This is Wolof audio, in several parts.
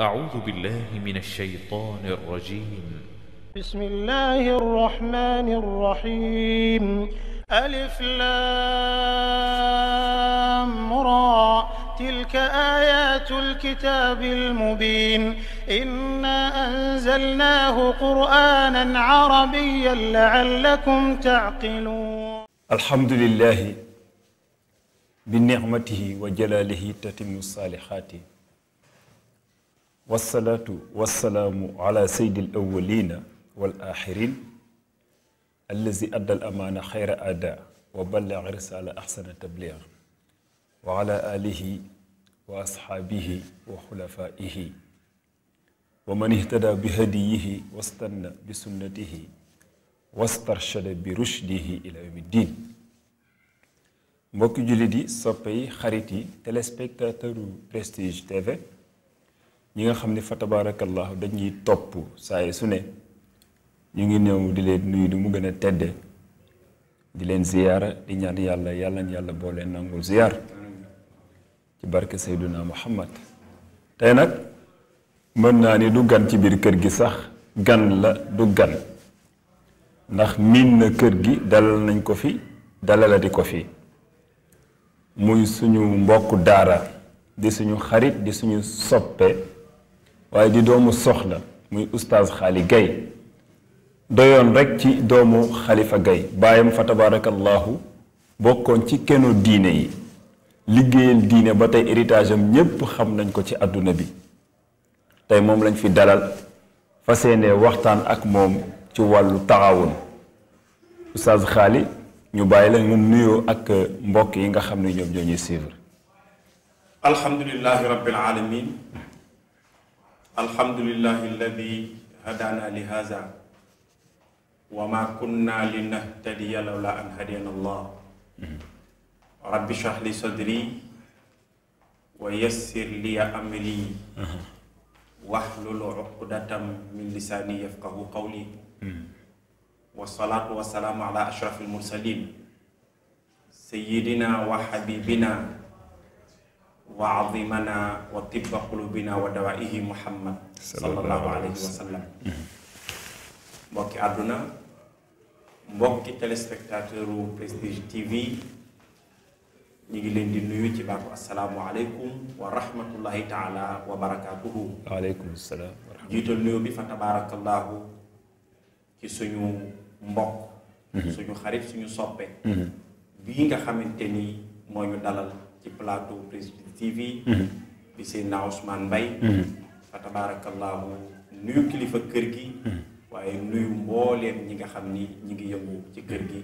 أعوذ بالله من الشيطان الرجيم بسم الله الرحمن الرحيم ألف لام را تلك آيات الكتاب المبين إنا أنزلناه قرآنا عربيا لعلكم تعقلون الحمد لله بنعمته وجلاله تتم الصالحات والصلاة والسلام على سيد الأولين والآخرين الذي أدى الأمانة خير أداء وبلغ رسالة أحسن تبليغ وعلى آله وأصحابه وخلفائه ومن اهتدى بهديه واستنى بسنته واسترشد برشده إلى يوم الدين mbokki jullit yi soppe yi xarit yi Prestige TV ñi nga xam ni fa tabarakallahu dañuy topp saa yi su ne ñu ngi ñëw di leen nuyu di mu gën a tedde di leen ziyaara di ñaan yàlla yàlla yàlla boo leen nangul ziyaar ci barke sayduna muhammad tey nag mën naa ni du gan ci biir kër gi sax gan la du gan ndax miin na kër gi dalal nañ ko fi di ko fi muy suñu mbokk daara di suñu xarit di suñu soppe waaye di doomu soxna muy oustaz xaali gay doyoon rekk ci doomu xalifa gay baayam fa tabaarakallaahu bokkoon ci keno diine yi liggéeyal diine ba tey héritage am ñépp xam nañ ko ci àdduna bi tey moom lañ fi dalal fa yéene waxtaan ak moom ci wàllu taxawun oustaz xaali ñu bàyyi la nga nuyoo ak mbokk yi nga xam ne ñoom ñoo ñuy suivre alhamdulilahi rabbil alamin الحمد لله الذي هدانا لهذا وما كنا لنهتدي لولا أن هدينا الله رب اشرح لي صدري ويسر لي أمري واحلل عقدة من لساني يفقه قولي والصلاة والسلام على أشرف المرسلين سيدنا وحبيبنا وعظيمنا وطب قلوبنا ودوائه محمد صلى الله عليه وسلم mbokki àdduna mbokki téléspectateur u Prestige TV ñu ngi leen di nuyu ci baatu asalaamualeykum wa rahmatullahi taala wa barakaatuhu. waaleykum salaam wa rahmatulah. jiital nuyu bi fa tabaarakallaahu ci suñu mbokk. suñu xarit suñu soppe. bii nga xamante ni moo ñu dalal. ci plateau Prestige TV. bi mhm. Seydina Ousmane Mbaye mhm. fa tabaarakallaahu nuyu kilifa kër gi. Mhm. waaye nuyu mbooleem ñi nga xam ni ñi ngi yëngu ci kër gi.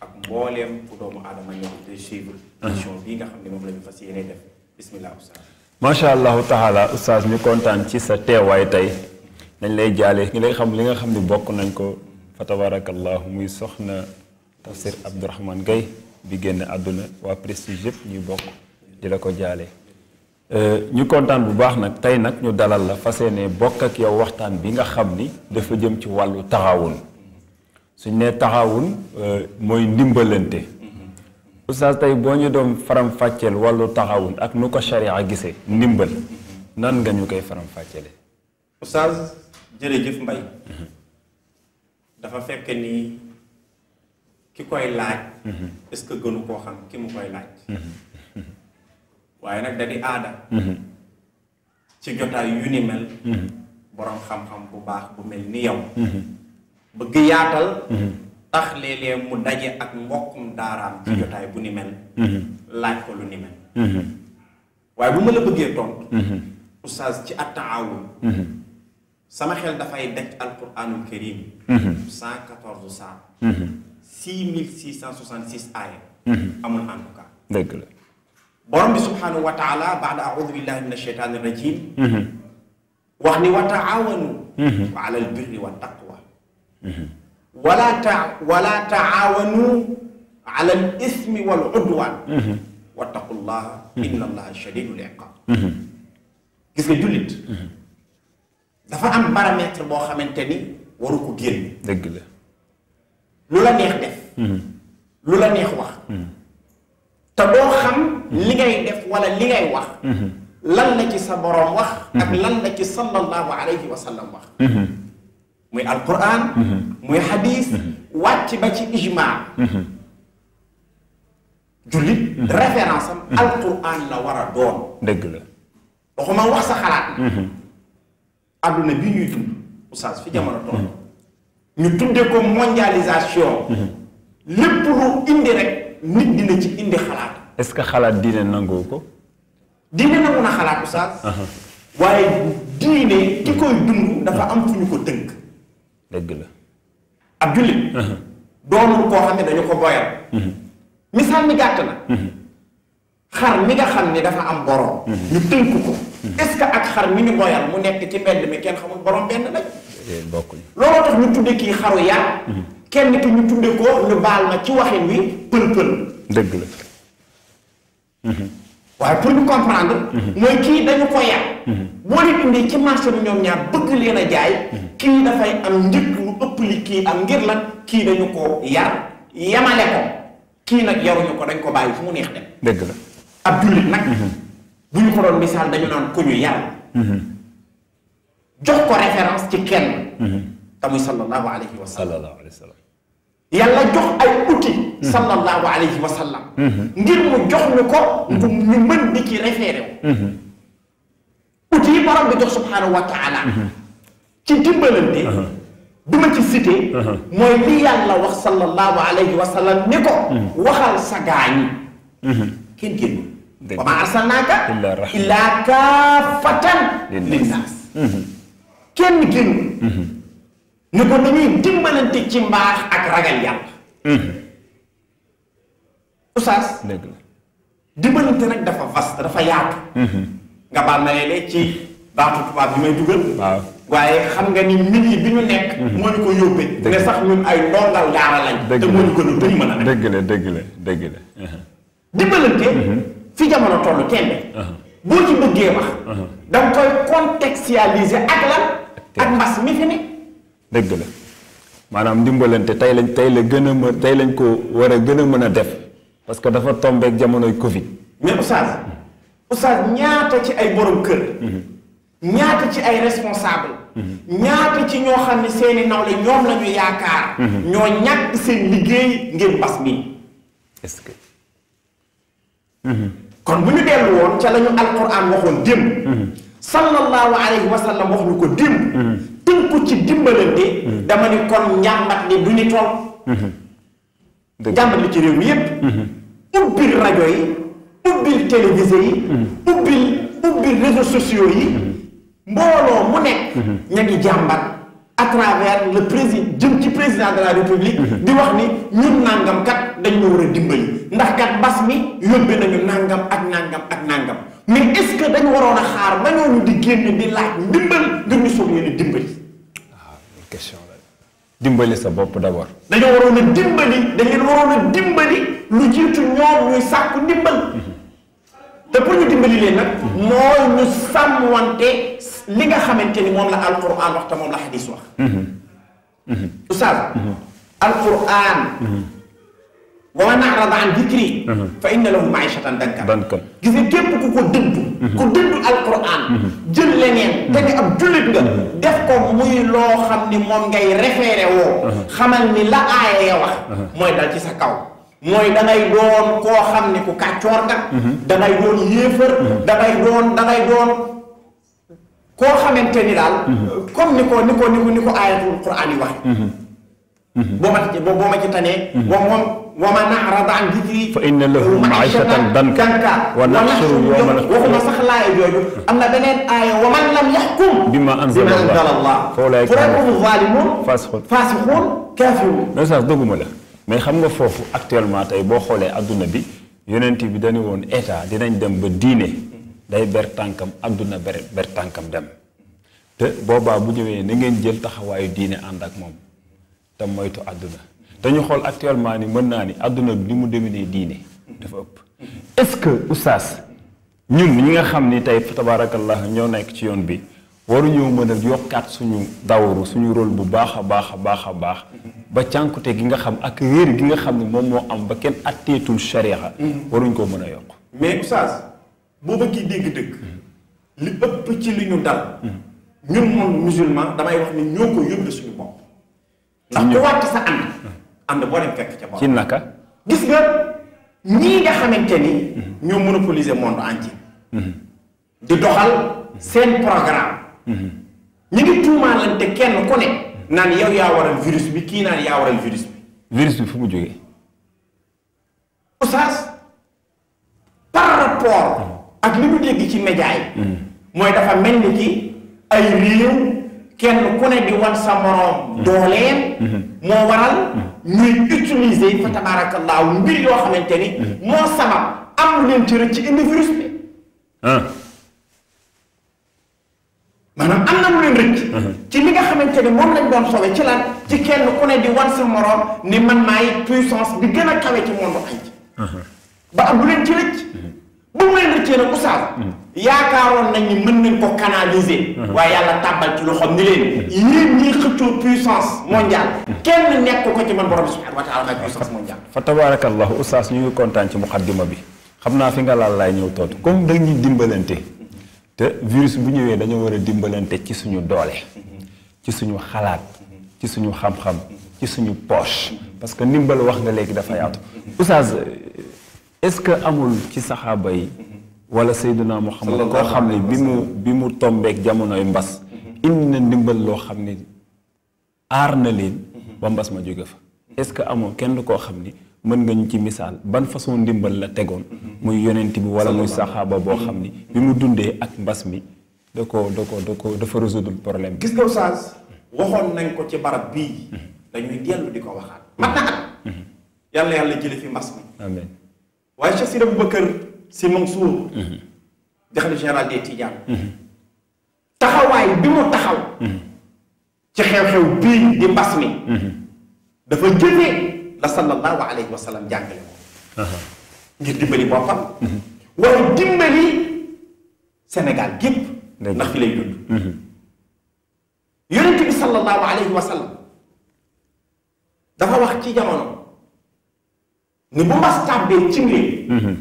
ak mbooleem bu doomu aadama ñoom de suivre. émission bii nga xam ne moom la ñu fas yéene def bismillah oustaz. macha allahu taala oustaz ñu kontaan ci sa teewaay tey dañ lay jaale ñu lay xam li nga xam ni bokk nañ ko fa tabaarakallaahu muy soxna Tafsir Abdourahmane Gaye bi génn àdduna waa prestige yëpp ñuy bokk di la ko jaale. Euh, ñu kontaan bu baax nag tey nag ñu dalal la fas yéene bokk ak yow waxtaan bi nga xam ni dafa jëm ci wàllu taxawun suñ nee taxawun euh, mooy ndimbalante. oustaz tey boo ñu doon faram fàcceel wàllu taxawun ak nu ko sharia gisee ndimbal nan nga ñu koy faram fàccele oustaz jërëjëf mbay dafa fekk ni ki koy laaj mhm. est que gënu koo xam ki mu koy laaj mhm. waaye nag da di aada mhm. ci jotaay yu ni mel boroom xam-xam bu baax bu mel ni yow bëgg yaatal tax léeg-léeg mu daje ak mbokkum daaraam ci jotaay bu ni mel laaj ko lu ni mel waaye bu ma la bëggee tontu oustaz ci attaawun sama xel dafay daj alquranul karim cent quatorze saar 6666 aaya amul en tout cas dëgg la borom bi subhanahu wa taala baada aoudu billahi min alcheytani rajim wax ni wa taawanu ala albirri wa taqwa wala ta wala taawanu ala alismi wal udwan wattaqu llaha inna allaha shadidul iqab gis nga jullit dafa am paramètre boo xamante ni waru ko génn dëgg la lu la neex def lu la neex wax te doo xam li ngay def wala li ngay wax lan la ci sa borom wax ak lan la ci sallallahu alayhi wa sallam wax muy alquran muy hadith wàcc ba ci ijma julit référence am alquran la war a doon dëgg la waxuma wax sa xalaat aduna bi ñuy dund oustaz fi jamono toll ñu tuddee ko mondialisation. Mm-hmm. lépp lu indi rek nit dina ci indi xalaat. est-ce que xalaat diine nangoo ko. diine nangu na xalaat oustaz. Uh-huh. waaye diine ki koy dund dafa am fu ko tënk. dëgg la. ab jullit. Uh-huh. doonul koo xam ne dañu ko boyal. Uh-huh. misaal mi gàtt na. xar mi nga xam ni dafa am borom. ñu tënk ko. est-ce que ak xar mi ñu boyal mu nekk ci mbedd mi kenn xamul borom benn lañ. bokkuñ looloo tax ñu tudde kii xaru yar. Mm-hmm. kenn ki ñu tudde ko ñu baal ma ci waxin wi pël-pël. dëgg la. Mm-hmm. waaye pour ñu comprendre. Mm-hmm. mooy kii dañu ko yar. boo leen indee ci marché bi ñoom ñaar bëgg leen a jaay. kii dafay am njëkk lu ëpp li kii am ngir la kii dañu ko yar yemale ko kii nag yaruñu ko dañ ko bàyyi fu mu neex dem. dëgg la ab jullit nag. bu ko doon misaal dañu naan ku ñu yar jox ko référence ci kenn te muy sallallahu alayhi wa sallam yàlla jox ay uti sallallahu alayhi wa sallam ngir mu jox ñu ko ñu mën di ci référé wu outil yi borom bi jox subhanahu wa taala ci dimbalante du ma ci cité mooy li yàlla wax sallallahu alayhi wa sallam ni ko waxal sa gaañi kenn génnul wa maa arsalnaaka illaa kaafatan linnaas mhm. kenn génn mhm. ni ko dañuy dimbalante ci mbaax ak ragal yàlla mhm. oustaz dëgg la dimbalante nag dafa vaste dafa yaatu nga baal na léeg ci baatu tubaab bi may dugal waaye xam nga ni nit yi bi ñu nekk moo ñu ko yóbbee ne sax ñun ay ndongal daara lañ te moo ko ñu dañu mën a nekk dëgg la dëgg la dëgg la dimbalante fi jamono toll tembe uh-huh. boo ci bëggee wax uh-huh. da koy contextualiser ak lan ak mbas mi fi ne dëgg la maanaam ndimbalante tey lañ tey la gën a mën tey lañ ko war a gën a mën a def parce que dafa tombeek jamonoy Covid mais oustaz oustaz ñaata ci ay borom kër uh-huh. ñaata ci ay responsable ñaata ci ñoo xam ne seeni nawle ñoom la yaakaar ñoo ñàkk seen liggéey ngir mbas mi que kon bu ñu dellu woon ca la ñu alquran waxoon démb sallallahu alayhi wa sallam wax lu ko démb tënku ci dimbalante dama ni kon njàmbat ni du ñu toll njàmbat li ci réew mi yépp ubbil rajo yi ubbil télévisé yi ubbil ubbil réseaux sociaux yi mbooloo mu nekk ña ngi jàmbat à travers le président jëm ci président de la république. di wax ni ñun nangam kat dañ ñu war a dimbali. ndax kat bas mi yóbbee nañu nangam ak nangam ak nangam mais est-ce dañu waroon a xaar ba ñooñu di génn di laaj ndimbal ngir ñu soog leen a dimbali. Ah, dimbali sa bopp d'abord. dañoo waroon a dimbali dañ leen waroon a dimbali lu jiitu ñoom ñuy sàkku ndimbal. Mhm. te pour ñu dimbali leen nag. Mhm. mooy ñu sàmmante. li nga xamante ni moom la alquran wax te moom la xadis wax mm-hmm. oustaz mm-hmm. alquran mm-hmm. wa man arada an dikri fa inna lahu maishatan dankan gis nga ko ni ab jullit nga def ko muy loo xam ni moom ngay référé woo xamal ni la aaya ya wax mooy dal ci sa mooy da ngay doon xam ne ku kàccoor nga da ngay doon yéefar da ngay doon koo xamante ni daal. comme ni ko ni ko ni ko ayatul quran yi waxee. boo ma ci boo ma ci tanee. wa moom wa man a'rada an dikri. fa inna lahu ma'ishatan danka wa nahshuru yawma al-qiyamah waxuma sax laaya jooju am na beneen wa man lam yahkum. bima anzala Allah fa ulaa'ika humu zaalimuun faasiquun kaafiruun. mais sax dëgguma la mais xam nga foofu actuellement tey boo xoolee adduna bi yonent bi dañu woon état dinañ dem ba diine. day ber tànkam àdduna ber tànkam dem te boobaa bu ñëwee na ngeen jël taxawaayu diine ànd ak moom te moytu àdduna te xool actuellement ni mën naa ni àdduna bi ni mu domine diine dafa ëpp est-ce que oustaz ñun ñi nga xam ni tey tabaarakallah ñoo nekk ci yoon bi waruñoo mën a yokkaat suñu dawru suñu rôle bu baax a baax a baax a baax ba cànkute gi nga xam ak réer gi nga xam ne moom moo am ba kenn atteetul sharia waruñ koo mën a yokk bu bëggee dégg-dëgg li ëpp ci li ñu dal ñun moom musulman damay wax ni ñoo ko yóbbu suñu bopp ndax ku wàcc sa ànd ànd boo dem fekk ca bopp ci naka gis nga ñii nga xamante ni ñoo monopoliser monde entier di doxal seen programme ñi ngi tuumaalante kenn ku ne naan yow yaa waral virus bi kii naan yaa waral virus bi virus bi fu mu jógee oustaz par rapport ak li ñu dégg ci média yi mooy dafa mel ni ki ay réew kenn ku ne di wan sa moroom dooleem moo waral ñuy utiliser fa tabaarakallaahu mbir yoo xamante ni moo sabab am leen ci ah. ah. ci li nga xamante ni moom lañ doon sowe ci lan ci kenn ku ne di wan sa moroom ni man maay puissance bi gën a kawe ci monde xaj ah. ba am lu leen ci rëcc bu mu leen rëccee nag oustaz yaakaaroon nañ ni mën nañ ko canaliser. waaye yàlla tàbbal ci loxoom ni leen. yéen ñiy xëccoo puissance mondiale. kenn nekk ko ci man borom subhanahu wa taala mooy puissance mondiale. fa tabaarakallahu oustaz ñu ngi kontaan ci muqaddima bi xam naa fi nga laal laay ñëw tootu comme dañuy dimbalante te virus bu ñëwee dañoo war a dimbalante ci suñu doole. ci suñu xalaat. ci suñu xam-xam. ci suñu poche. parce que ndimbal wax nga léegi dafa yaatu. oustaz. est-ce que amul ci saxaaba yi wala Seydina Muhammad koo xam ne bi mu tombeek jamonoy mbas indi na ndimbal loo xam ne aar na leen ba mbas ma jóge fa est-ce que amul kenn koo xam ni mën nga ñu ci misaal ban façon ndimbal la tegoon muy yonent bi wala muy saxaaba boo xam ni bi mu dundee ak mbas mi da ko da ko dafa résoudre problème bi gis nga Oustaz waxoon nañ ko ci barab bii mhm. dañuy dellu di ko waxaat mat mhm. na yàlla yàlla jële fi mbas mi waaye Cheikh Sidi Aboubacar Sy Mansour di xalifa général des Tidianes taxawaay bi mu taxaw ci xew-xew bii di mbas mi dafa jëlee la sallallahu alayhi wa sallam jàngale ko ngir dimbali boppam waaye dimbali Sénégal gépp ndax fi lay dund yonent bi sallallahu alayhi wa sallam dafa wax ci jamono ne bu mbas tàbbee ci mbir mhm.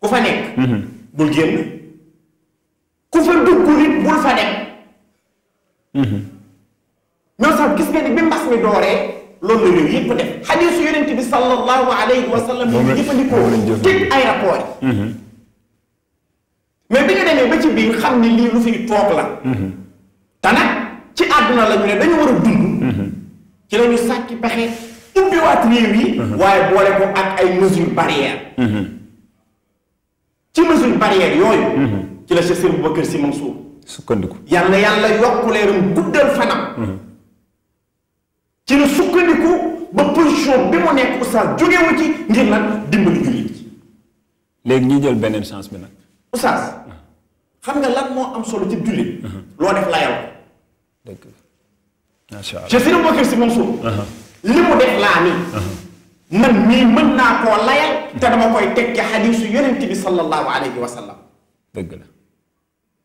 ku fa nekk mhm. bul génn ku fa dugg nit bul fa dem mhm. ñoo sax gis nga ni bi mbas mi dooree loolu la réew yëpp def xadiisu yonent bi sallallahu alayhi wa sallam yi jëfandikoo tëj aéroport yi mais bi demee ba ci biir xam ni lii lu fiy toog la te nag ci àdduna la ñu ne dañu war a dund ci la ñu sàkki ubbiwaat réew wi mhm. waye boole ko ak ay mesures barrières. Mhm. ci mesures barrière yooyu. Mhm. ci la Cheikh Boubacar Sy Mansour. sukkandiku yàlla yàlla yokk leeram guddal fanam. ci la sukkandiku ba position bi mu nekk oustaz wu ci ngir nag dimbali jullit ci léegi ñuy jël beneen chance bi nag. oustaz xam nga lan moo am solo ci jullit. loo def la yàlla. dëgg la macha allah Cheikh Boubacar Sy Mansour. li mu def laa nii. man mii mën naa koo layal. te dama koy teg ci xadiisu yonent bi sallallahu alayhi wa sallam. dëgg la.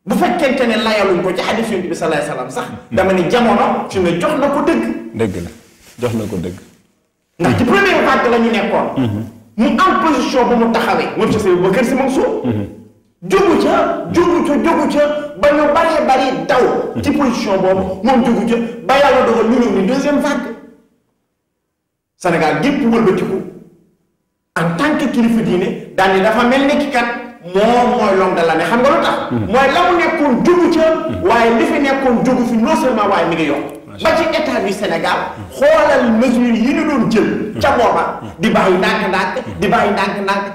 bu fekkente ne layaluñ ko ci xadiis yonent bi sallallahu alayhi wa sallam sax. dama ni jamono fi ne jox na ko dëgg. dëgg la jox na ko dëgg. ndax ci première vague la ñu nekkoon. mu am position bu mu taxawee. moom ci sëñ Bakar Si Mansour. jógu ca jógu ca jógu ca ba ñu baree bari daw. ci position boobu moom jógu ca ba yàlla dogal ñu ne deuxième vague. Sénégal gépp wëlbatiku en tant que kilifa diine ni dafa mel ni ki kat moom mooy lom da xam nga lu tax. Mm-hmm. mooy la nekkoon jugu ca. Mm-hmm. waaye li fi nekkoon jugu fi non seulement waaye mi ngi yokk. ba ci état du Sénégal xoolal mesures yi ñu doon jël. Mm-hmm. ca booba di bàyyi ndànk-ndànk. di bàyyi ndànk-ndànk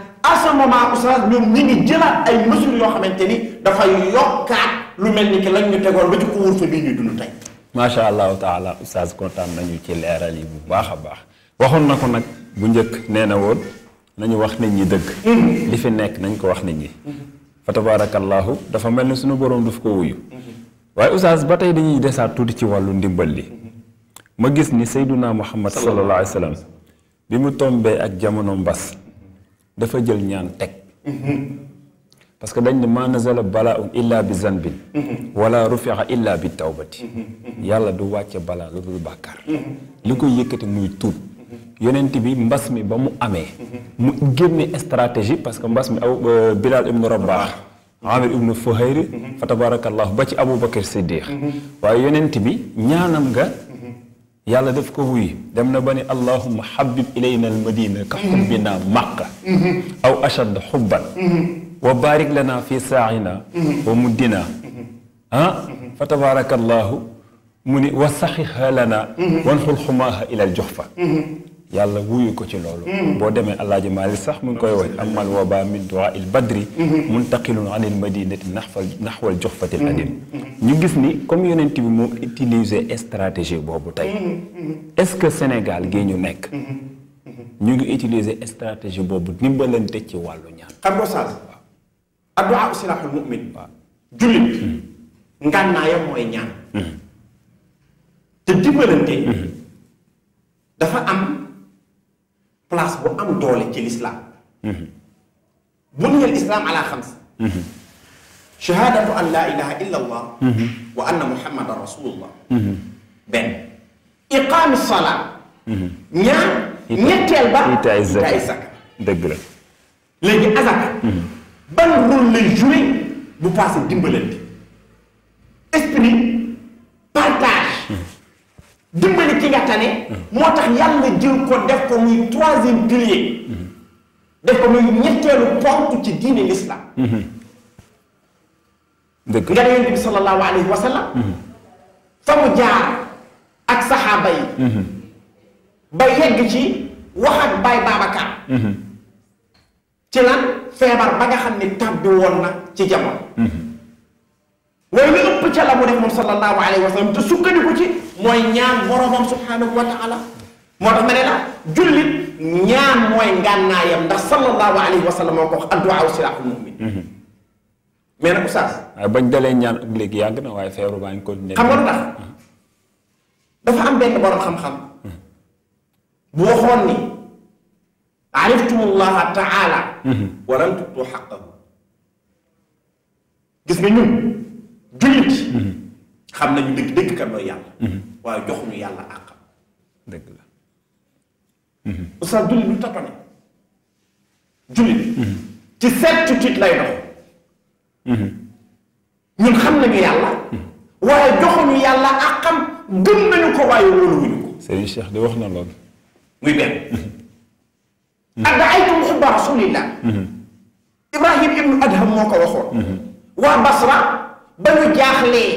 ñoom ñi ngi jëlaat ay mesures yoo xamante ni dafay yokkaat lu mel ni ki lañ ñu tegoon ba ci couvre-feu bi ñuy dund tey. macha allahu taala oustaz kontaan nañu ci leeral yi baax a baax. waxoon na ko nag bu njëkk nee na woon nañu wax nit ñi dëgg. li fi nekk nañ ko wax nit ñi. fa tabaarakallaahu dafa mel ni suñu boroom daf ko wuyu. waaye oustaz ba tey dañuy desaat tuuti ci wàllu ndimbal li ma gis ni Seyduna Muhammad sallallahu alayhi wa sallam bi mu tombee ak jamono mbas dafa jël ñaan teg. parce que dañ ne ma nazala balaaun illa bi zanbin wala illa bi tawbati yàlla du wàcce balaa lu dul bàkkaar li koy yëkkati muy tuub yonent bi mbas mi ba mu amee mu génne stratégie parce que mbas mi aw Bilal ibnu Rabah Amir ibnu Fuhayr fa tabarakallahu ba ci Aboubacar Siddiq waaye yonent bi ñaanam nga yàlla daf ko wuy dem na ba ne allahuma habib ilayna almadina ka xubbina màq aw ashad xubban wa barik lana fi saaina wa muddina ah fa tabarakallahu mu ni wa saxiha lana wanxul xumaaha ila aljoxfa yàlla wuyu ko ci lolu bo demé alaaji Maalik sax mu ngi koy wax amal waba min du'a al badri muntaqilun an al madinati nahwal juhfat al adim ñu gis ni comme yonenti bi mo utiliser stratégie bobu tay est-ce que Sénégal gi ñu nek ñu ngi utiliser stratégie bobu dimbalante ci walu ñaan xam nga sax adduaa silaaxul mu'min julit jullit ngànnaayam mooy ñaan te dimbalante dafa am place bu am doole ci lislaam buniya lislaam ala xams shahadatu an la ilaha illa allah wa anna muhammadan rasulullah benn iqaami salaa ñaar ñetteel ba itaay zaka dëgg la léegi azaka ban rôle lay joué bu passé dimbalante esprit dimbali ki nga tane. moo tax yàlla jël ko def ko muy troisième pilier. def ko muy ñetteelu ponk ci diine l'islam. dëgg la nga yonent bi sallallahu alayhi wa sallam. fa mu jaar ak saxaaba yi. ba yegg ci wax ak Baay Babacar. Mhm. ci lan feebar ba nga xam ne tàbbi woon na ci jamono. Mhm. ويلي أوب تلا بوري محمد صلى الله عليه وسلم تسكر دكتي موي نيان غرام سبحانه وتعالى ما تمنى لا جلد نيان موي غنا يم دا صلى الله عليه وسلم ما كوخ الدعاء وسلا المؤمن مين أساس بن دلين نيان بليك يعنى واي فيرو بان كون نيان كمان ده ده فهم بيت بارك خم خم بوخوني عرفتم الله تعالى ولم تطو حقه جسمي نوم jullit xam nañu dëgg dëgg kan mooy yàlla waaye joxuñu yàlla àqam dëgg la oustaz jullit du tapane jullit ci sept tit lay dox ñun xam nañu yàlla waaye joxuñu yàlla àqam gëm nañu ko waaye wóoluwuñu ko Serigne Cheikh di wax na lool muy benn ad'aytum xubba rasulillah Ibrahim ibnu Adham moo ko waxoon waa Basra ba ñu jaaxlee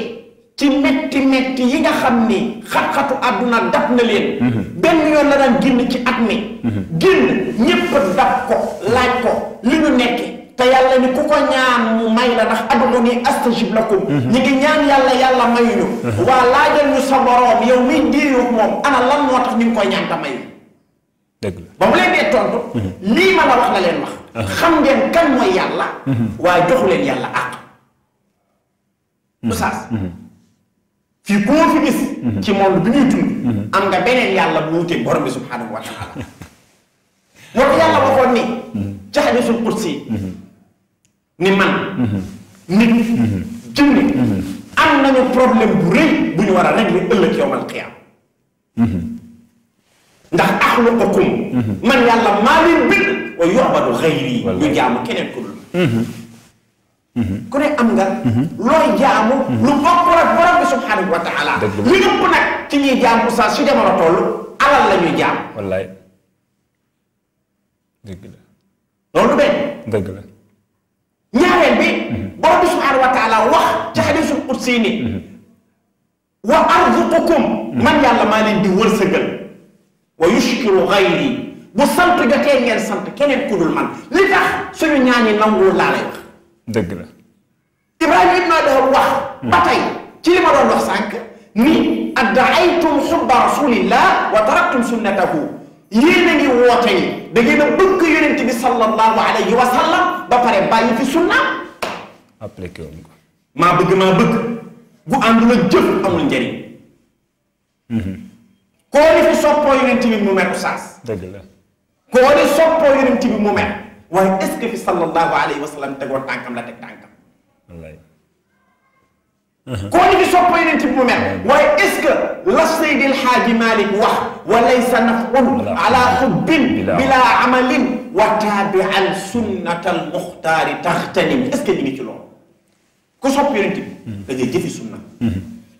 ci metti metti yi nga xam ni xat-xatu àdduna dab na leen mhm. benn yoon la daan génn ci at mi mhm. génn ñépp dab ko laaj ko li ñu nekk te yàlla ni ku ko ñaan may la ndax aduna ni astajib lakum mhm. ñu ngi ñaan yàlla yàlla mayuñu waa laajal ñu sa yow miy diiru moom ana lan moo tax ñu ngi koy ñaan te mayu dëgg la ba mu leen dee tontu lii ma la wax na leen wax ah. xam ngeen kan mooy yàlla waaye joxu leen yàlla du saas fii ku ma fi gis ci monde bi ñuy dund am nga beneen yàlla bu wuteeg borom bi subhaanahu wa taala moo tax yàlla waxoon ni ci hadiisul qudsi ni man nit jinne am nañu problème bu rëy bu ñu war a régler ëllëg yowmal qiyaam ndax axluqukum man yàlla maa leen bind wa yubadu xayri ñu jaamu keneen ku dul Mm-hmm. ku ne am nga. Mm-hmm. looy jaamu. Mm-hmm. lu bokkul ak borom bi subhanahu wa taala. dëgg li ëpp nag ci ñuy jaamu saa su jamono alal la ñuy jaam. wallaay dëgg la. loolu benn. dëgg la. ñaareel bi. borom wax ci xadisul wa arzuqukum man yàlla maa leen di wërsëgal. wa yushkiru xayri bu sant jotee ngeen sant keneen ku dul man li tax suñu ñaan yi nanguwul laa dëgg la Ibrahima ibn Adham wax ba tey ci li ma doon wax sànq ni addaaytum xubba rasulillah wa taraktum sunnatahu yéen a ngi woote yi da ngeen a bëgg yonent bi sallallahu alayhi wa sallam ba pare bàyyi fi sunnaam appliqué wuñ ko maa bëgg maa bëgg gu àndul ak jëf amul njëriñ koo di fi soppoo yonent bi mu mer saas dëgg la koo di soppoo yonent bi mu mer waaye est-ce que fi sallallahu alayhi wa sallam tegoon tànkam la teg tànkam. wallaay. koo ni fi sopp yeneen ci mu mel. waaye est-ce que la Seydil Xaaji Malik wax wa laysa nafun ala xubbin bila amalin wa taabian sunnatal muxtaari taxtanim est-ce que ñu ngi ci loolu ku sopp yeneen bi da ngay jëfi sunna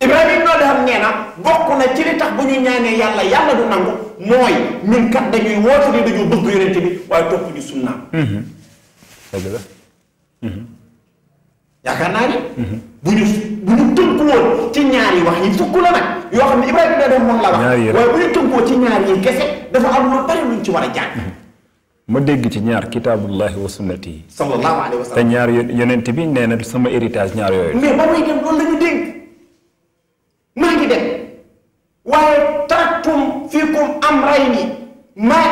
Ibrahima Ibn Adham nee na bokk na ci li tax bu ñu ñaanee yàlla yàlla du nangu mooy ñun kat dañuy woote ni dañu bëgg yonente bi waaye topp mhm. mhm. naa ni. bu ñu bu ñu ci ñaar yi wax yi fukk la nag yoo xam ne Ibrahima Ibn Adham moom la wax. waaye bu ñu tënkuwoon ci ñaar yi kese dafa am bari luñ ci war a jàng. Mhm. ma dégg ci ñaar kitaabullahi wa sunnati. sallallahu alayhi wa sallam te ñaar yonente bi nee na sama héritage ñaar yooyu. mais ba muy dem loolu la dégg.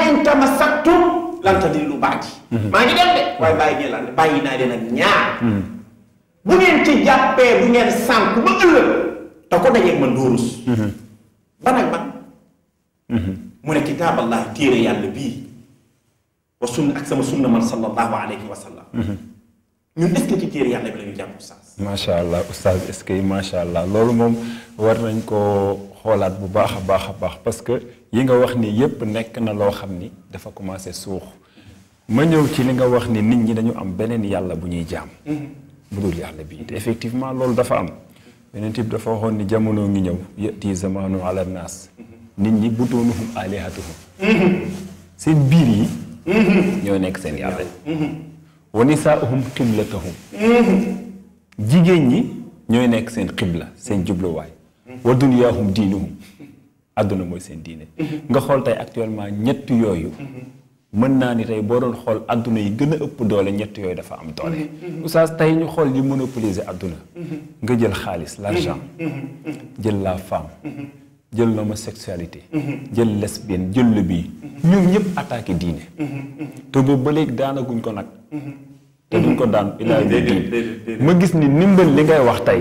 in tamassaktum lan tadillu ba'di ma hmm. ngi dem de waaye bàyyi ngeen lan bàyyi hmm. naa leen ak ñaar bu ngeen ci jàppee bu ngeen sànku ba ëllëg te ko dajeeg ma doorus hmm. ban ak ban mu ne kitaab allah tire yàlla bii wa sunna ak sama sunna man sallallahu alayhi wa sallam ñun est ce ci téere yàlla bi la ñu jàpp oustaz macha allah oustaz est ce ma sha allah loolu mom war nañ ko xoolaat bu baax baax baax parce que yi nga wax ni yépp nekk na loo xam ni dafa commencé suux ma ñëw ci li nga wax ni nit ñi dañu am beneen yàlla bu ñuy jaam bu dul yàlla bi te effectivement loolu dafa am beneen type dafa waxoon ni jamono ngi ñëw yëti zamanu ala naas nit ñi butoonuhum alihatuhum seen biir yi ñoo nekk seen yàlla wa nisaahum qiblatahum jigéen ñi ñooy nekk seen xibla seen jubluwaay wa dunyaahum diinuhum àdduna mooy seen diine. Mhm. nga xool tey actuellement ñett yooyu. Mhm. mën naa ni tey boo doon xool àdduna yi gën a ëpp doole ñett yooyu dafa am doole. Mhm. oustaz tey ñu xool yi monopoliser àdduna. nga jël xaalis l'argent. jël la femme. jël l'homosexualité. jël lesbienne jël le bi. ñoom ñëpp attaqué diine. te ba léegi daanaguñ ko nag. te duñ ko daan ilaa ma gis ni ndimbal li ngay wax tey.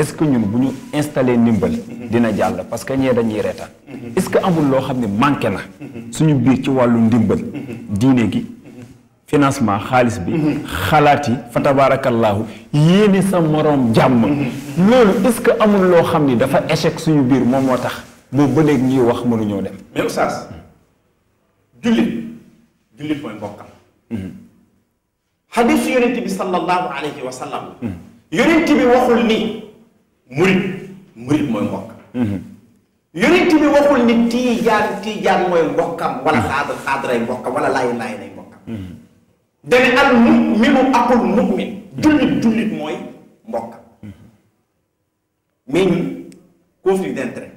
est-ce que ñun buñu installer nimbal dina jall parce que ñe dañuy reetaan est-ce que amul lo xamni manké na suñu biir ci walu nimbal diiné gi financement khalis bi khalaati fa tabarakallah yene sa morom jamm lolu est-ce que amul lo xamni dafa échec suñu biir moom motax mo beulé ñi wax mënu wax dem mais oustaz julli julli mooy mbokkam hadith yaronte bi sallallahu alayhi wa sallam yaronte bi waxul ni murit murit mooy mbokk yonent bi waxul ni tiijaan tiijaan mooy mbokkam wala xaadar xaadaray mbokkam wala laayi laayi nay mbokkam dane al muminu aqul mumin jullit jullit mooy mbokkam mais ñun conflit d'intérêt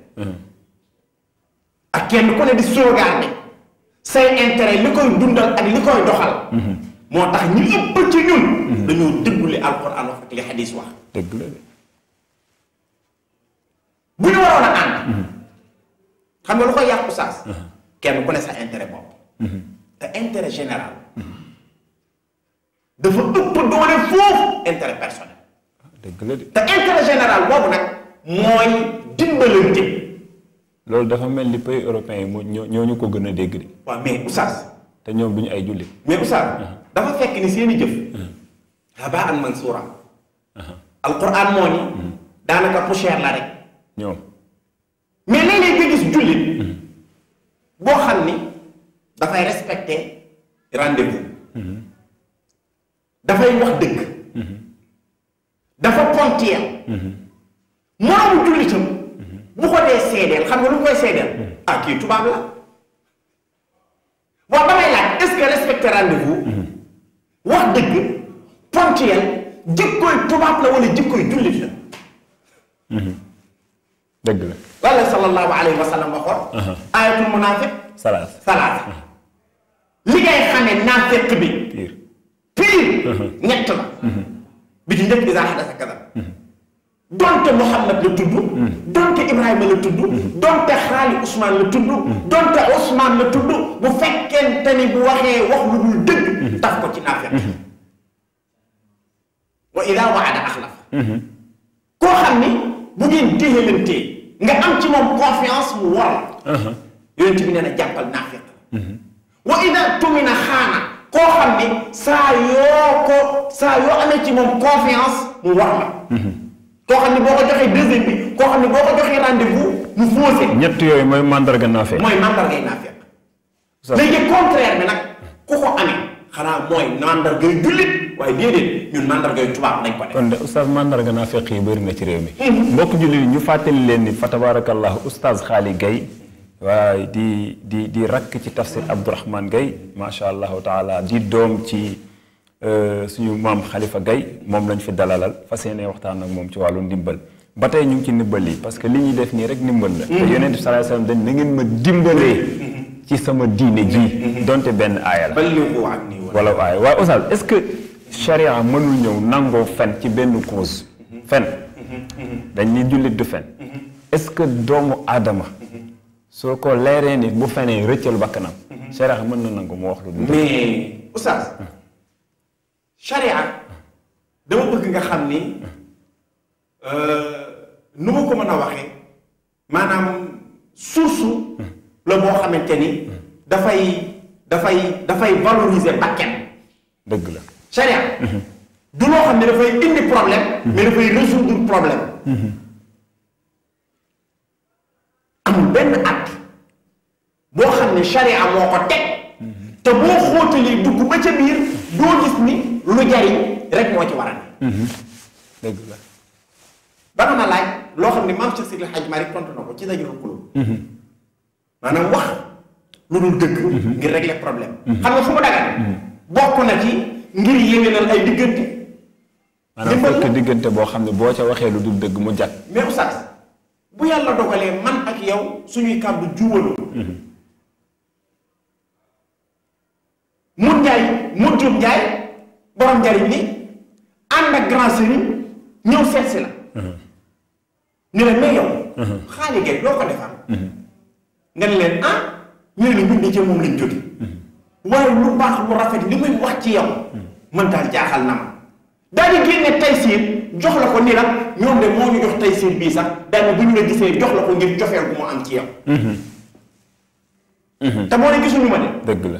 ak kenn ku ne di sauvegarder say intérêt li koy dundal ak li koy doxal moo tax ñu ëpp ci ñun dañoo dëggule alquran wax ak li xadis wax buñu warona and xam hmm. nga lu hmm. koy yàqu saas. kenn ku ne sa intérêt bopp. Hmm. Eh, te intérêt général. dafa ëpp doole foofu intérêt personnel. dëgg la de te intérêt général boobu nag mooy dimbalante. loolu dafa mel ni pays européen yi moo ñoo ñu ko gën a dégg de. waaw mais oustaz. te ñoom duñu ay julli mais oustaz. dafa fekk ni seeni jëf. rabaa an mansuura. alquran moo ni. daanaka poussière la rek. ñoom mais léeg-léeg gis jullit boo xam ni dafay respecter rendez-vous dafay wax dëgg dafa ponctuel moroomu jullitam bu ko dee seedeel xam nga lu koy seedeel ah kii tubaab la waaw damay laaj est rendez-vous wax dëgg ponctuel jikkooy tubaab la wala jikkooy jullit la dëgg la wala sallallahu alayhi wa sallam waxoon. ayatul munaafiq. salaat salaat. li ngay xamee naafeq bi. pire pire. ñett la. bi ci njëkk izaa hadasa kaza. donte Muhammad la tudd. donte Ibrahima la tudd. donte xaali Ousmane la tudd. donte Ousmane la tudd bu fekkente ni bu waxee wax lu dul dëgg. taf ko ci naafeq. wa izaa waada axlafa. koo xam ni bu ngeen téye leen téye. nga am ci moom confiance mu war la uh-huh. yonent bi nee na jàppal naafiq uh-huh. wa ida tumina xaana koo xam ni saa yoo ko saa yoo amee ci moom confiance mu war la uh-huh. koo xam ne boo ko joxee deuxième koo xam ne boo ko joxee rendez-vous mu faussé ñett yooyu mooy mandarga naafiq mooy mandargay naafiq léegi contraire bi nag ku ko amee xanaa mooy mandarga yu jullit waaye déedéet ñun mandarga yu tubaab nañ ko def. kon de yi bëri na ci réew mi. Mhm. mbokk jullit ñu fàttali leen ni fa tabarakallah oustaz Xaali gay waaye di di rakk ci tafsir Abdourahmane Gaye macha allahu taala di doom ci. Euh, suñu maam xalifa gay moom lañu fi dalalal fas yéene waxtaan ak moom ci wàllu ndimbal ba tey ñu ngi ci ndimbal yi parce que li ñuy def nii rek ndimbal la. Mhm. te yonent bi salaay salaam dañ ngeen ma ci sama diine ji donte benn aaya la wala est-ce que charia mënul ñëw nangoo fen ci benn cause fen dañ ni jullit du fen est-ce que doomu aadama soo ko leeree ni bu fenee rëccal bakkanam charia mën na nangu mu wax lu dul mais Oustaz charia dama bëgg nga xam ni euh, nu ma ko mën a waxee maanaam source la moo xamante ni dafay dafay dafay valoriser bakken dëgg la sharia du loo xam ne dafay indi problème. mais dafay résoudre problème. am benn at boo xam ne charia moo ko teg. te boo xóotalee dugg ba ca biir doo gis ni lu jariñ rek moo ci waral. dëgg la. ba nga ma laaj loo xam ne maam Cheikh Sidil Hadj Malick tontu na ko ci dajul xulub. maanaam wax lu dul dëgg. Mhm. ngir régler problème. Mhm. xam nga fu mu dagan. Mhm. bokk na ci ngir yéwénal ay diggante. maanaam fekk diggante boo xam ne boo ca waxee lu dul dëgg mu jat mais oustaz bu yàlla dogalee man ak yow suñuy kàddu juwaloo mut njaay mut jub njaay borom njariñ ni ànd ak grand sëriñ ñëw seet la ni la yow xaali gay ko defar nga ne leen ah ñu ne ñun de ci moom lañ waaye lu baax lu rafet li muy wax ci yow man daal jaaxal na ma daal di génne taysiir jox la ko ni la ñoom de moo ñu jox taysiir bii sax daal bu ñu la gisee jox la ko ngir jofeel am ci yow te gisuñu ma de dëgg la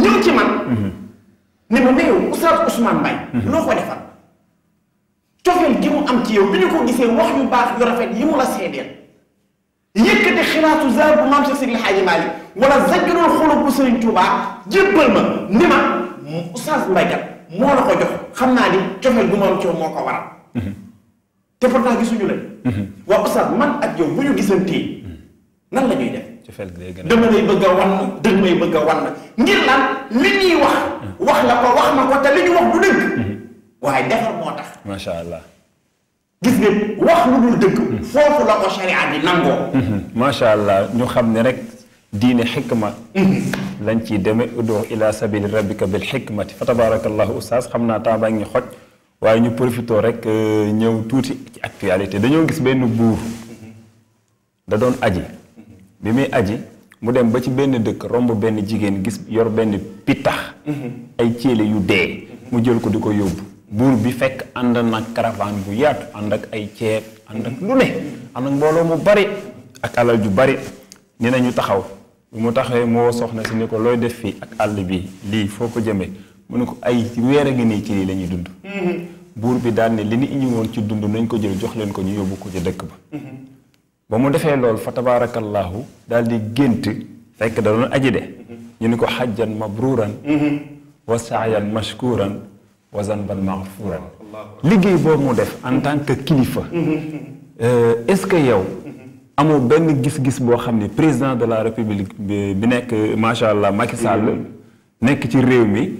ñëw ci man mhm. ne ma yow Oustaz Ousmane mhm. loo ko defal jofeel gi mu am ci yow bi ñu ko gisee wax yu baax yu rafet yi mu la seedeel yëkkati xiraatu zar bu maam Cheikh Seydi El Hadji Malick wala zajjurul xulub bu Serigne Touba jébbal ma ni ma oustaz Mbaye Kane moo la ko jox xam naa ni cofeel gu ma am coow moo ko waral. te pourtant gisuñu lañ. waaw oustaz man ak yow bu ñu gisantee. nan la ñuy def. cofeel gi day gën a dama lay bëgg a wan dëgg may bëgg a wan ngir lan li ñuy wax. wax la ko wax ma ko te li ñu wax du dëgg. waaye defar moo tax. macha allah. gis nga wax lu dul dëgg. foofu la ko sharia di nangoo. macha allah ñu xam ne rek diine xikma. lañ ciy demee udoo ila sabili rabbika bil xikmati fa tabarakallahu oustaz xam naa temps baa ngi xoj waaye ñu profitoo rek ñëw tuuti ci actualité dañoo gis benn buur da doon aji bi muy aji mu dem ba ci benn dëkk romb benn jigéen gis yor benn pittax ay céele yu dee mu jël ko di ko yóbbu buur bi fekk ànd nag caravane bu yaatu ànd ak ay ceeb ànd ak lu ne ànd ak mbooloo mu bari ak alal ju bari nee na ñu taxaw bu mu taxawee moo soxna si ni ko looy def fii ak àll bi lii foo ko jëmee mu ne ko ay weer a ngi nii ci lii la ñuy dund mm-hmm. buur bi daal ne li ñu indi woon ci dund nañ ko jël jox leen ko ñu yóbbu ko ci dëkk ba mm-hmm. ba mu defee lool fa tabaarakallaahu daal di gént fekk da doon aji de mm-hmm. ñu ni ko xajjan mabruuran wa saayan mashkuuran wa zanban maghfuran liggéey boobu mu def en tant que kilifa est-ce que yow amoo benn gis-gis boo xam ne président de la république bi nekk macha allah Macky Sall nekk ci réew mi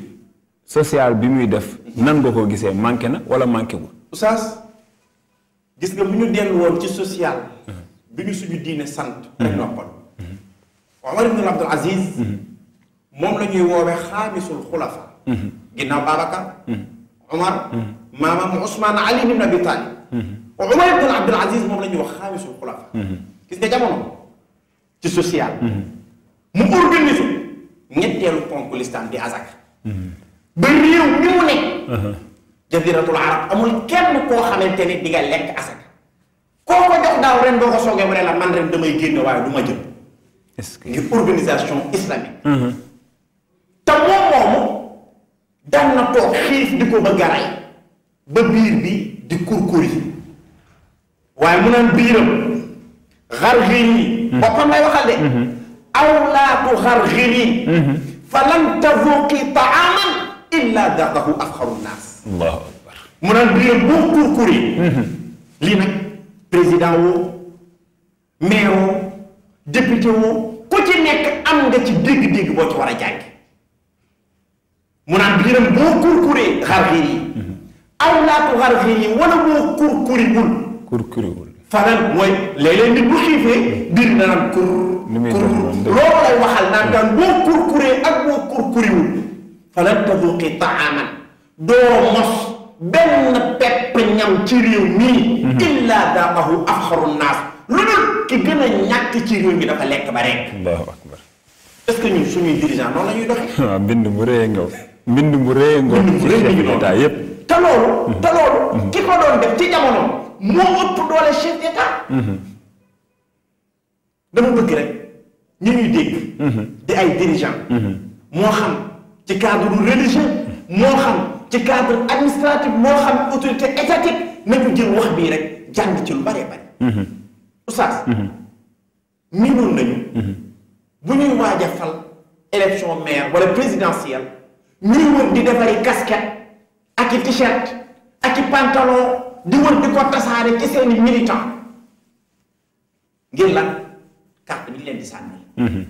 social bi muy def nan nga ko gisee manqué na wala manqué wul oustaz gis nga bu ñu dellu woon ci social bi ñu suñu diine sant rek noppal Omar ibn Abdul Aziz moom la ñuy woowee xaamisul xulafa ginnaaw Babacar. Mm-hmm. Omar. Mm-hmm. maamaam mu Ousmane Ali ibn Abi Talib. Omar mm-hmm. ibn Abdul Aziz moom la ñuy wax xaamisul xulafa. gis nga jamono ci social. mu organise ñetteelu ponk lislam di azaka. ba réew mi mu nekk. Uh-huh. jaziratul arab amul kenn koo xamante ne di nga lekk azaka. koo ko jox daaw ren boo ko soogee mu ne la man ren damay génn waaye du ma jëm. est-ce que organisation islamique. te moom moomu. daan na toog xiif di ko bëgg a rey ba biir bi di kurkur yi waaye mu naan biiram xar xini mm-hmm. boppam lay waxal de mm-hmm. awlaatu xar xini mm-hmm. fa lam tazuqi taaman illa daqahu afxaru naas allahu akbar mu naan biiram boo kurkur yi lii nag président woo maire woo député woo ku ci nekk am nga ci dégg-dégg boo ci war a jàngi mu naan biiram boo kurkuree xarxiir yi mhm. aw laatu xarxiir yi wala boo kurkuriwul kurkuriwul fanaan mooy léeg-léeg nit bu xiifee biir danaan kur kur loolu lay waxal naan daan boo kurkuree ak boo kurkuriwul falan taduqi taaman doo mos benn pepp ñam ci réew mii mhm. illaa daaqahu afxaru naas lu dul ki gën a ñàkk ci réew mi dafa lekk ba rek allahu akbar est-ce que ñun suñuy dirigeant noonu la ñuy doxee waaw bind mu rëy ngaw mbind mu rëy ngoo ci chef d'état loolu te loolu mm-hmm. mm-hmm. ki ko doon def ci jamono moo ëpp doole chef d'état mm-hmm. dama bëgg rek ñi ñuy dégg di ay dirigeant moo xam ci cadre religieux moo xam ci cadre administratif moo xam autorité étatique nañu jël wax bii rek jàng ci lu bëree bëri oustaz miinoon nañu bu ñuy waaj a fal élection maire wala présidentielle ñuy wër di defari casquette ak i t-shirt ak i pantalon di wër di ko tasaare ci seeni militant ngir lan carte bi leen di sànni. Mhm.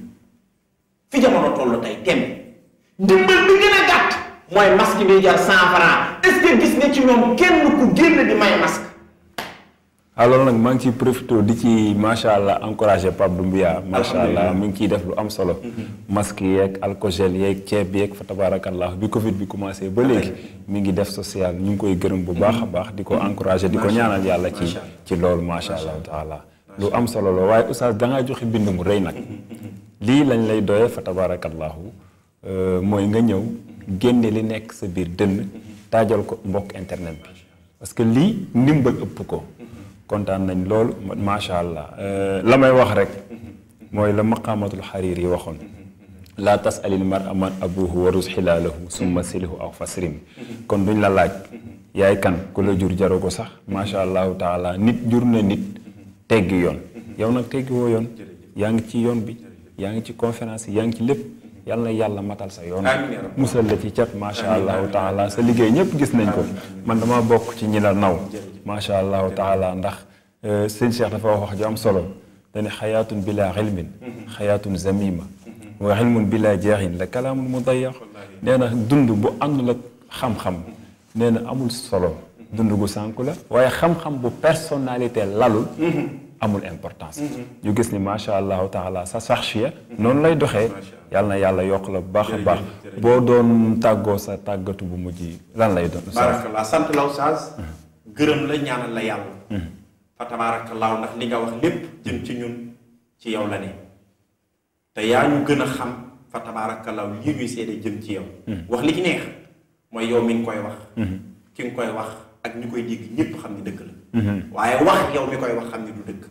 fi jamono toll tey tem ndimbal bi gën a gàtt mooy masque bi jar cent franc est-ce gis nga ci ñoom kenn ku génn di may masque alors ah, nag maa ngi ciy profité di ci macha allah encouragé Pape Doumbia. macha allah mi ngi ciy def lu am solo. Mm-hmm. masque yeeg alcogel yeeg ceeb yeeg fa tabaarakallah bi Covid bi commencé ba léegi. mi ngi def social ñu ngi koy gërëm bu baax a mm-hmm. baax. di ko encouragé di ko ñaanal yàlla ci ci loolu macha allah taala lu am solo la waaye oustaz da ngaa joxe bind mu rëy nag. Mm-hmm. lii lañ lay doyee fa tabaarakallahu euh, mooy nga ñëw génne li nekk sa biir dënn taajal ko mbokk internet parce que lii ndimbal ëpp ko كونتان نان لول ما شاء الله أه لماي واخ رك موي لما قامت الحرير واخون لا تسال المرء من ابوه ورز حلاله ثم سله او فسرم كون دون لا لاج ياي كان كولا جور جارو كو صاح ما شاء الله تعالى نيت جور نا نيت تيغ يون ياو نا تيغ و يون ياغ تي يون بي ياغ تي كونفرنس ياغ تي ليب يالله يالله ماتال سا يون مسل تي ما شاء الله تعالى سا ليغي نيب من ما بوك تي ناو macha allahu taala ndax sëñ Cheikh dafa wax wax ju am solo dani xayaatun bila xilmin xayaatun zamima wa xilmun bila jeexin la kalaamun mu dayax nee na dund bu àndul ak xam-xam nee na amul solo dund gu sànku la waaye xam-xam bu personnalité lalul amul importance ñu gis ni macha allahu taala sa saxsiya noonu lay doxee yàlla na yàlla yokk la bu baax a baax boo doon tàggoo sa tàggatu bu mujj lan lay doon barakallah sant la oustaz gërëm la ñaanal la yàlla fa tabaarakallaahu ndax li nga wax lépp jëm ci ñun ci yow la ne te yaa ñu gën a xam fa tabaarakallaahu lii ñuy seede jëm ci yow wax li ci neex mooy yow mi ngi koy wax ki nga koy wax ak ñu koy dégg ñépp xam ni dëkk la waaye wax yow mi koy wax xam ni du dëgg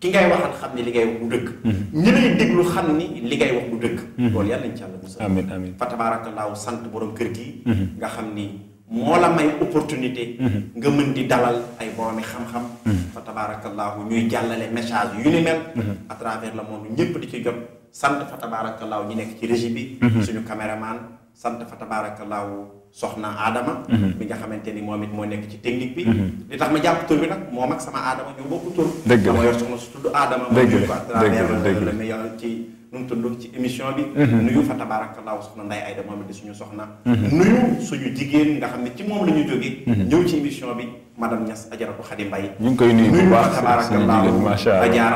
ki ngay waxal xam ni li ngay wax du dëgg ñi lay déglu xam ni li ngay wax du dëkk loolu yàlla nañ ca yàlla musal amiin amiin fa tabaarakallaahu sant borom kër gi nga xam ni moo la may opportunité. Mhm. nga mën di dalal ay boroomi xam-xam. Mhm. fa tabaarakallaahu ñuy jàllale message yu ni mel. Mhm. à travers le monde ñëpp di ci jot sant fa tabaarakallaahu ñi nekk ci régie bi. suñu caméraman sant fa tabaarakallaahu soxna Adama. bi nga xamante ni moom it moo nekk ci technique bi. li tax ma jàpp tur bi nag moom ak sama Adama ñoo bokk tur. dëgg la sama tudd Adama. dëgg la ñu ko à travers euh, le meilleur ci. nu mu tudd ci émission bi. Mhm. nuyu fa tabaarakallaahu soxna Ndeye Aida moom it di suñu soxna. Mhm. nuyu suñu jigéen nga xam ne ci moom la ñu jógee. Mhm. ñëw ci émission bi madame Niass Ajaratu Khady mbay ñu ngi koy nuyu bu baax suñu jigéen macha allah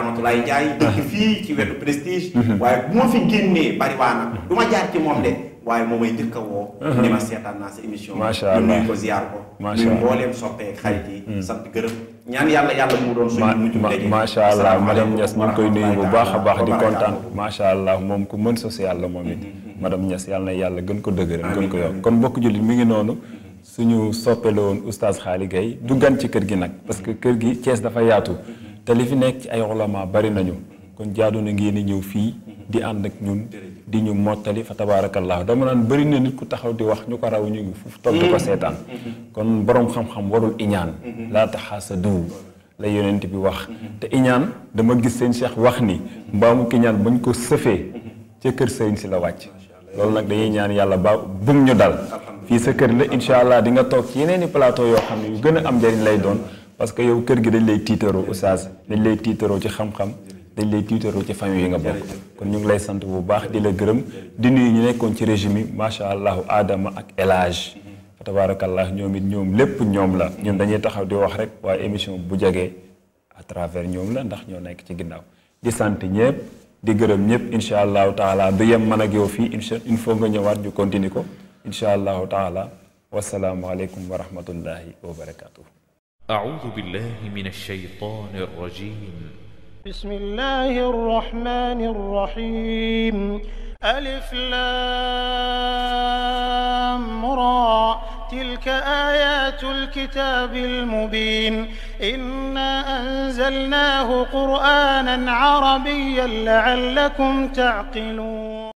nuyu fa dëkk fii ci wetu prestige. waaye bu ma fi génnee bari waa na du jaar ci moom de. waaye moom ay a émission. macha allah nuyu ko ziar ko. macha allah nuyu mbooleem soppeek mm. doon suñu mujj daje. macha allah madame ñu koy nuyu bu baax a baax di kontaan. macha allah moom ku mën social la moom it. Mm-hmm, mm-hmm. madame ñas yàlla yàlla gën ko dëgëral gën ko yokk kon mbokk jullit mu ngi noonu. Mm-hmm. suñu soppe la woon oustaz Xaali Gaye du gan ci kër gi nag parce que kër gi Thiès dafa yaatu. te li fi nekk ci ay ulama bari nañu kon jaadu na ngeen ñëw fii di ànd ak ñun di ñu mottali fa tabaarakallaahu dama naan bëri na nit ku taxaw di wax ñu ko raw ñu ngi foofu toog di ko mm-hmm. seetaan mm-hmm. kon boroom xam-xam warul iñaan mm-hmm. laa taxaasa diw la yonent bi wax te iñaan dama gis seen cheikh wax ni mbaamu ki ñaan bañ ko sëfee ca kër sëriñ si la wàcc loolu nag dañuy ñaan yàlla ba bum ñu dal fii sa kër la incha allah di nga toog yeneen i plateau yoo xam ne yu gën a am lay doon parce que yow kër gi dañ lay tiitaroo oustaz dañ lay tiitaroo ci xam-xam dañ lay tiitaroo ci famille yi nga bokk kon ñu ngi lay sant bu baax di la gërëm di nuyu ñu nekkoon ci régime yi macha allah Adama ak El Hadj fa tabaarakallah ñoom it ñoom lépp ñoom la ñun dañuy taxaw di wax rek waaye émission bu jege à travers ñoom la ndax ñoo nekk ci ginnaaw di sant ñëpp di gërëm ñëpp incha allahu taala du yem man ak yow fii incha il faut nga ñëwaat ñu continuer ko incha allahu taala wasalaamualeykum wa rahmatullahi wa barakatuh. أعوذ بالله من الشيطان الرجيم بسم الله الرحمن الرحيم ألف لام را تلك آيات الكتاب المبين إنا أنزلناه قرآنا عربيا لعلكم تعقلون